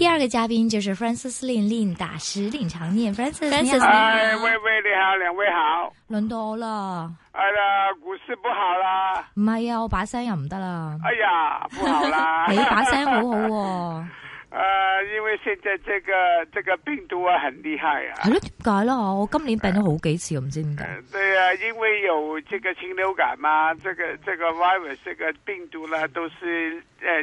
第二個嘉賓就是 Lin, inda, Francis Lin，Lin，大師藺常念。Francis，Lin，、哎、喂喂，你好，兩位好。輪到我了。哎呀，股市不好啦。唔係啊，我把聲又唔得啦。哎呀，不好啦。你、 哎、把聲好好、哦。啊、 呃，因為現在這個這個病毒啊，很厲害啊。係咯、啊？點解咯？我今年病咗好幾次，唔、呃、知點解、呃。對啊，因為有這個禽流感嘛，這個這個 virus 這個病毒啦，都是呃。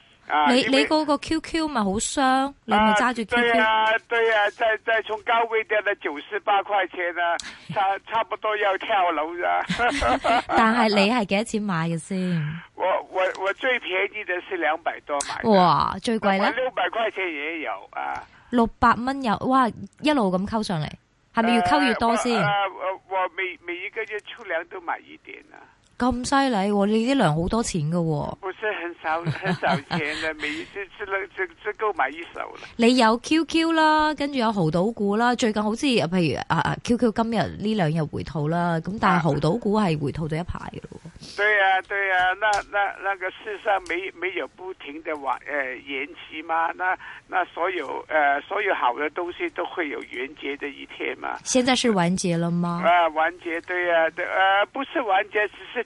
啊、你為你嗰個 QQ 咪好傷。啊、你咪揸住 QQ？對啊對呀，再再從高位跌到九十八塊錢啊，差差不多要跳樓啦。 但係你係幾多錢買嘅先？我我我最便宜嘅是兩百多買的。哇，最貴咧？六百塊錢也有啊。六百蚊有，哇，一路咁溝上嚟，係咪越溝越多先？誒、啊，我每、啊、每、每一個月出糧都買一點啊咁犀利，你啲糧好多錢噶、哦？不是，很少很少錢，每一次只能只只夠買一手啦。你有 QQ 啦，跟住有豪賭股啦，最近好似譬如啊啊 QQ 今日呢兩日回吐啦，咁但係豪賭股係回吐咗一排嘅。對啊對啊，那那那個世上沒沒有不停的玩誒、呃、延期嘛？那那所有誒、呃、所有好嘅東西都會有完結的一天嘛？現在是完結了嗎？啊完結對啊，誒、啊、不是完結只是。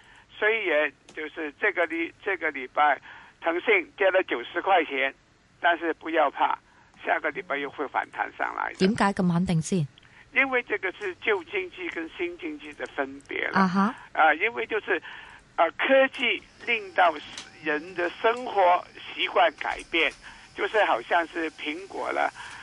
雖然就是這個禮這個禮拜騰訊跌了九十塊錢，但是不要怕，下個禮拜又會反彈上來的。點解咁肯定先？因為這個是舊經濟跟新經濟的分別啦。Uh huh. 啊因為就是，啊科技令到人的生活習慣改變，就是好像是蘋果了。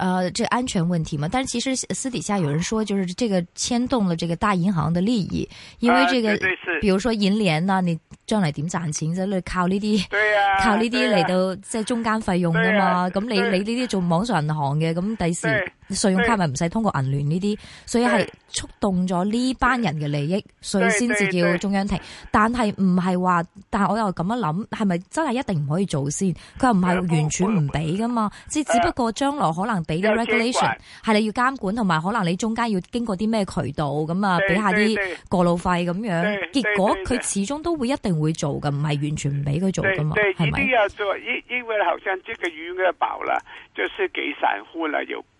呃，這安全問題嘛，但是其實私底下有人說，就是這個牽動了這個大銀行的利益，因為這個，啊、對對比如說銀聯吶、啊、你將來點賺錢、所、就、以、是、靠呢啲，啊、靠呢啲嚟到即係、啊、中間費用噶嘛，咁、啊、你你呢啲做網上銀行嘅，咁第時。信用卡咪唔使通過銀聯呢啲，所以係觸動咗呢班人嘅利益，所以先至叫中央停。但係唔係話，但係我又咁樣諗，係咪真係一定唔可以做先？佢又唔係完全唔俾噶嘛，只只不過將來可能俾啲 regulation，係你要監管同埋，可能你中間要經過啲咩渠道，咁啊俾下啲過路費咁樣。結果佢始終都會一定會做噶，唔係完全唔俾佢做噶嘛，係咪？是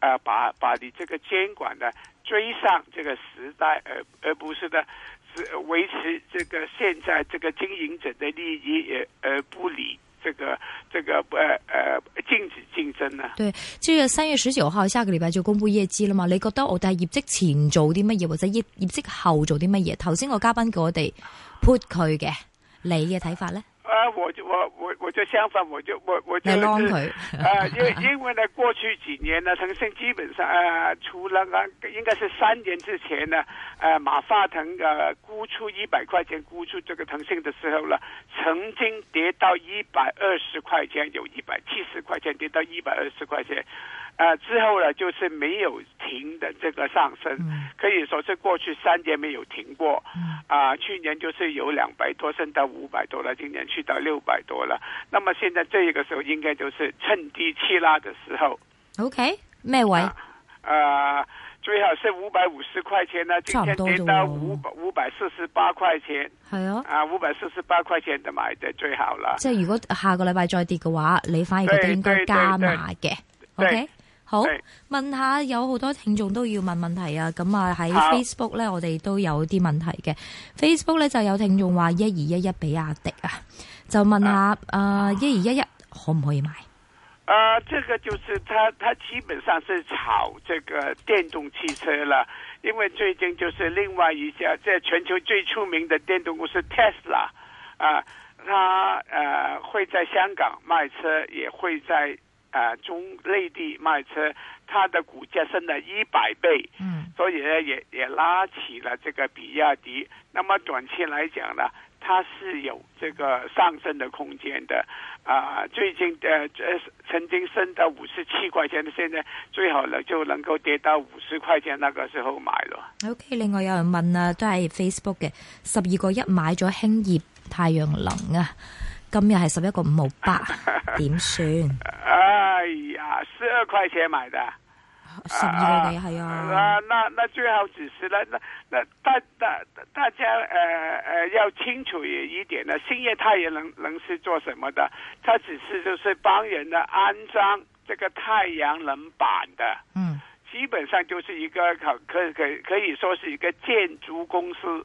呃把把你這個監管呢，追上這個時代，而、呃、而不是呢，是維持這個現在這個經營者的利益，而、呃、而不理這個這個，呃呃禁止競爭呢？對，這個三月十九號下個禮拜就公布業績啦嘛？你覺得我哋喺業績前做啲乜嘢，或者業業績後做啲乜嘢？頭先我嘉賓叫我哋 put 佢嘅，你嘅睇法呢？啊！我就我我我就相反，我就我我就係晾佢，因因為呢，過去幾年呢，騰訊基本上呃除了啊，應該是三年之前呢，呃，馬化騰呃、啊、估出一百塊錢估出這個騰訊的時候呢，曾經跌到一百二十塊錢，有一百七十塊錢跌到一百二十塊錢。呃、之後呢，就是沒有停的這個上升，嗯、可以說是過去三年沒有停過。啊、嗯呃，去年就是有兩百多升到五百多啦，今年去到六百多了。那麼現在這個時候應該就是趁低吸拉的時候。OK 咩位？啊、呃，最好是五百五十塊錢呢、啊，上多今天跌到五五百四十八塊錢。係啊。啊，五百四十八塊錢的買的最好啦。即係如果下個禮拜再跌嘅話，你反而覺得應該加碼嘅。OK。好，問下有好多聽眾都要問問題啊，咁啊喺 Facebook 呢，我哋都有啲問題嘅。好 Facebook 呢，就有聽眾話一二一一比亞迪啊，就問下啊一二一一可唔可以買啊？啊，這個就是它，它基本上是炒這個電動汽車啦，因為最近就是另外一家即係全球最出名的電動公司 Tesla 啊，他誒、啊、會在香港賣車，也會在。啊、中內地賣車，它的股價升了一百倍，嗯，所以呢，也也拉起了這個比亞迪。那麼短期來講呢，它是有這個上升的空間的。啊，最近、呃、曾經升到五十七塊錢，現在最好呢，就能夠跌到五十塊錢，那個時候買咯。OK，另外有人問啊，都係 Facebook 嘅，十二個一買咗興業太陽能啊。今日係十一個五毛八，點算？哎呀，十二塊錢買的，十二嘅係啊。那那最好只是呢？那那大大大家誒誒、呃呃、要清楚一點呢。興業太陽能能是做什麼的？它只是就是幫人呢安裝這個太陽能板的。嗯，基本上就是一個可可可可以說是一個建築公司。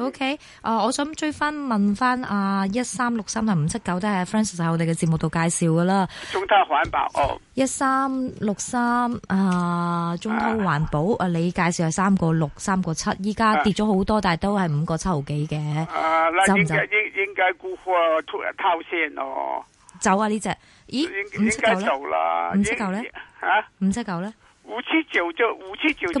O K，啊，okay, uh, 我想追翻問翻啊，一三六三同五七九都喺 Friends 喺我哋嘅節目度介紹噶啦。中通環保一三六三啊，中通環保啊，你介紹係三個六三個七，依家跌咗好多，uh, 但係都係五個七毫幾嘅。Uh, 走走啊，那應應應該沽出嚟拋先哦，走啊呢隻？咦？五七九咧？五七九咧？嚇？五七九咧？五七九就五七九就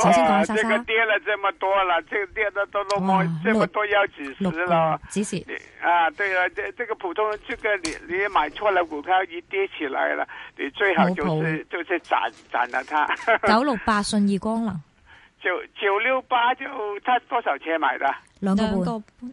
莎莎哇，這個跌了這麼多了，這個跌的都那麼這麼多要幾十了。幾是，啊，對啊，這這個普通這個你你買錯了股票，一跌起來了，你最好就是婆就是斬斬了它九了九。九六八信義光能。九九六八就差多少錢買的？兩個半。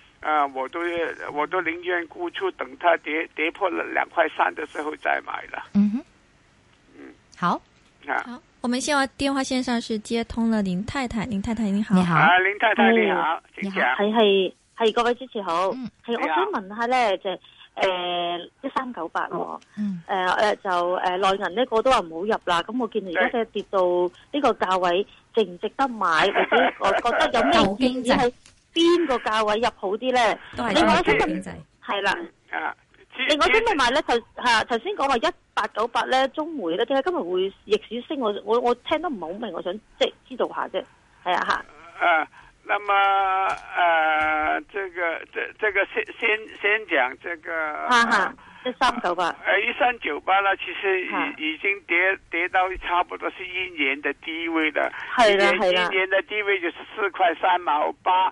啊！我都我都寧願沽出，等他跌跌破了兩塊三的時候再買啦。嗯哼，嗯好，好，我們先話電話線上是接通了林太太，林太太你好，你好，林太太你好，你好，係係係各位主持好，係，我想問下咧就誒一三九八，嗯誒誒就誒內銀呢個都話唔好入啦，咁我見你而家嘅跌到呢個價位，值唔值得買？或者我覺得有咩建議？邊個價位入好啲咧？另外我，想問係啦。另外、嗯，想問埋咧，就吓頭先講話一八九八咧，中煤咧點解今日會逆市升？我我我聽得唔係好明，我想即係知道一下啫。係啊，吓。誒，咁啊，誒、啊啊，這個，這個，這個，先先先講這個。吓吓哈，一三九八。誒 39 8、啊，一三九八啦，其實已已經跌跌到差不多是一年嘅低位啦。係啦係啦。一一年嘅低位,位就是四塊三毛八。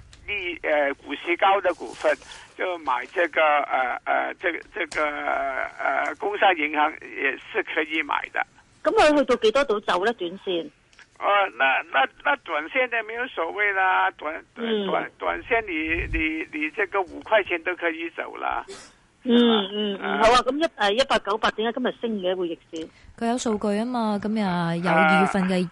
利誒、呃，股息高的股份就買這個誒誒、呃呃，這個這個誒、呃，工商銀行也是可以買的。咁佢去到幾多度走咧？短線？哦、呃，那那那短線呢？沒有所謂啦，短短、嗯、短線你你你這個五塊錢都可以走啦。嗯嗯吧嗯，好啊，咁一誒一八九八點解今日升嘅會逆市，佢有數據啊嘛，今日有二月份嘅。呃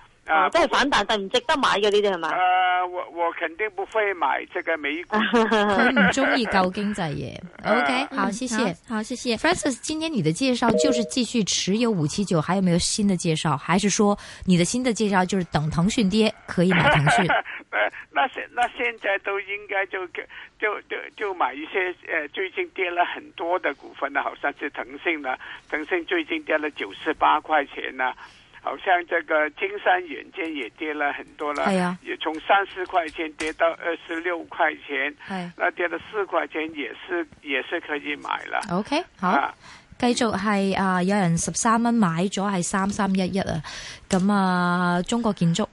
啊，即係反彈，會但唔值得買嘅呢啲係嘛？誒、啊，我我肯定不會買這個美股。佢唔中意搞經濟嘢。OK，好，謝謝，好，謝謝。Francis，今天你的介紹就是繼續持有五七九，還有沒有新的介紹？還是說你的新的介紹就是等騰訊跌可以買騰訊 那現那現在都應該就就就就買一些呃，最近跌了很多的股份啦，好像是騰訊啦，騰訊最近跌了九十八塊錢啦、啊。好像這個金山軟件也跌了很多啦、啊、也從三十塊錢跌到二十六塊錢，啊、跌到四塊錢也是也是可以買了。OK，好，啊、繼續係啊、呃，有人十三蚊買咗係三三一一啊，咁、嗯、啊、呃、中國建築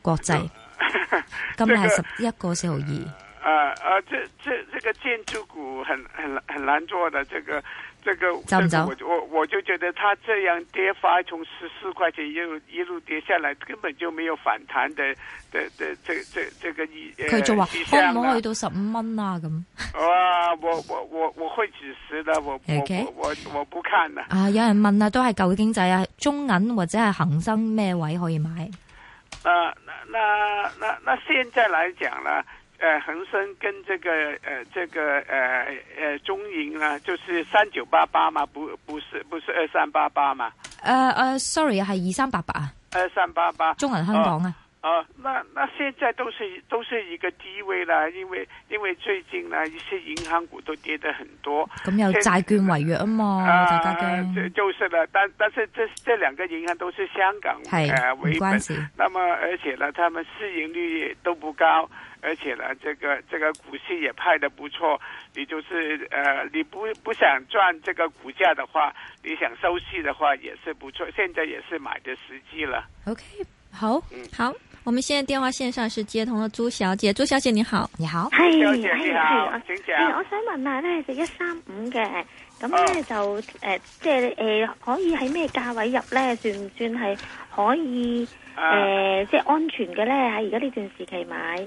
國際、呃、今日係十一個四毫二。誒誒、這個，即即即個建築股很很很難做的，這個。這個，走走我我就覺得，他這樣跌發從十四塊錢一路，一路跌下來，根本就沒有反彈的的的這這這個你佢、呃、就話可唔可以去到十五蚊啊咁？ 啊，我我我我會指示的，我 Okay? 我我我，我不看啦。啊，有人問啊，都係舊經濟啊，中銀或者係恆生咩位可以買？啊，那那那現在來講呢。呃、恒生跟這個呃，這個呃，呃，中銀啊，就是三九八八嘛，不不是不是二三八八嘛？呃、uh, uh,，呃 sorry 啊，係二三八八啊，二三八八，中銀香港啊。哦、呃呃，那那現在都是都是一個低位啦，因為因為最近呢，一些銀行股都跌得很多。咁有債券違約啊嘛，大家驚，就就是啦，但但是這這兩個銀行都是香港誒是、呃、為本，那麼而且呢，他們市盈率也都不高。而且呢，這個這個股市也派得不錯。你就是呃，你不不想賺這個股價的話，你想收息的話也是不錯。現在也是買的時機了。OK，好，嗯、好。我們現在電話線上是接通了朱小姐。朱小姐你好，你好，歡迎歡迎，我想問下呢，呢，哦、就一三五嘅，咁呢就誒，即係誒、呃，可以喺咩價位入呢？算唔算係可以誒、啊呃，即係安全嘅呢？喺而家呢段時期買？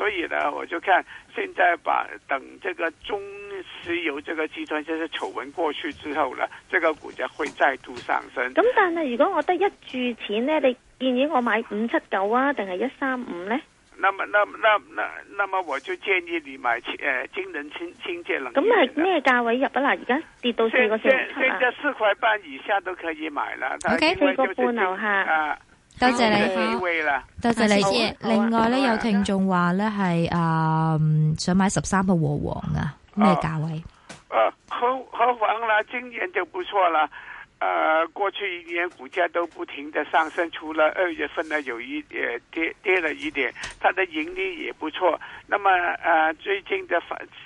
所以呢，我就看現在把等這個中石油這個集團這些醜聞過去之後呢，這個股價會再度上升。咁但係如果我得一注錢呢，你建議我買五七九啊，定係一三五呢那？那麼、那、那、那，那麼我就建議你買誒，京、呃、京能清、清潔能源。咁係咩價位入啊？嗱，而家跌到四個四啊。現在四塊半以下都可以買了。OK，但、就是、四個半樓下。啊多謝，啊、多謝你，多謝你。啊啊啊、另外咧，有聽眾話咧係啊，uh, 想買十三號和黃啊，咩價位？啊，和和黃啦，今年就唔錯啦。呃過去一年股價都不停地上升，除了二月份呢，有一點跌，跌了一點，它的盈利也不錯。那麼，呃最近的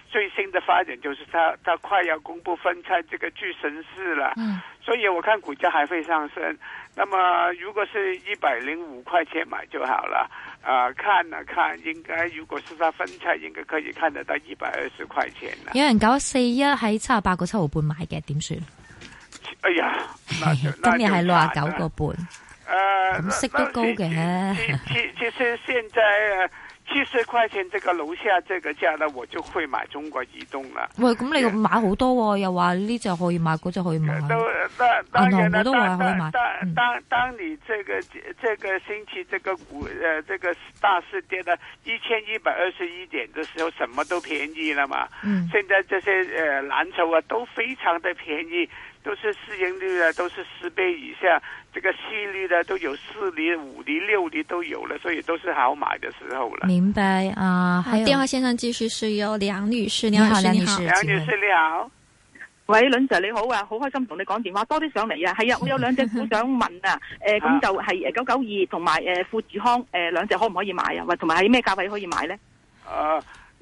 最新的發展就是它，它它快要公布分拆這個巨神市了，嗯，所以我看股價還會上升。那麼如果是一百零五塊錢買就好了。呃看了、啊、看，應該如果是它分拆，應該可以看得到一百二十塊錢。有人搞四一喺七十八個七毫半買嘅，點算？哎呀，今日係六啊九個半，咁息都高嘅。其其實現在七十塊錢這個樓下這個價呢，我就會買中國移動了。喂，咁你又買好多、哦，Yeah. 又話呢隻可以買，嗰隻可以買。都，當當然啦，當、嗯、當，當，當你這個這個星期這個股呃、啊、這個大市跌到一千一百二十一點的時候，什麼都便宜了嘛。嗯。現在這些呃藍籌啊，都非常的便宜。都是市盈率啊，都是十倍以下，這個市率呢都有四厘、五厘、六厘都有了，所以都是好買的時候啦。明白啊，呃、有電話先生，繼續是由梁女士，梁女士你好，梁女士，梁女士問你好，梁女士喂，藺 Sir，你好啊，好開心同你講電話，多啲上嚟啊。係啊，我有兩隻股想問啊，誒、呃，咁 就係九九二同埋誒富士康誒、呃、兩隻可唔可以買啊？同埋喺咩價位可以買呢？啊、呃。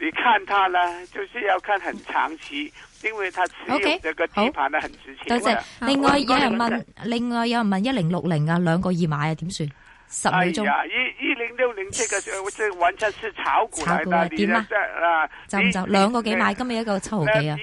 你看他啦，就是要看很長期，因為他持有這個地盤很值錢。多 Okay, 謝，謝。另外有人問， 另外有人問一零六零啊，兩個二買啊，點算？十秒鐘？一零六零這個完全是炒股點啊？站站的，兩個幾買？今日一個七毫幾啊？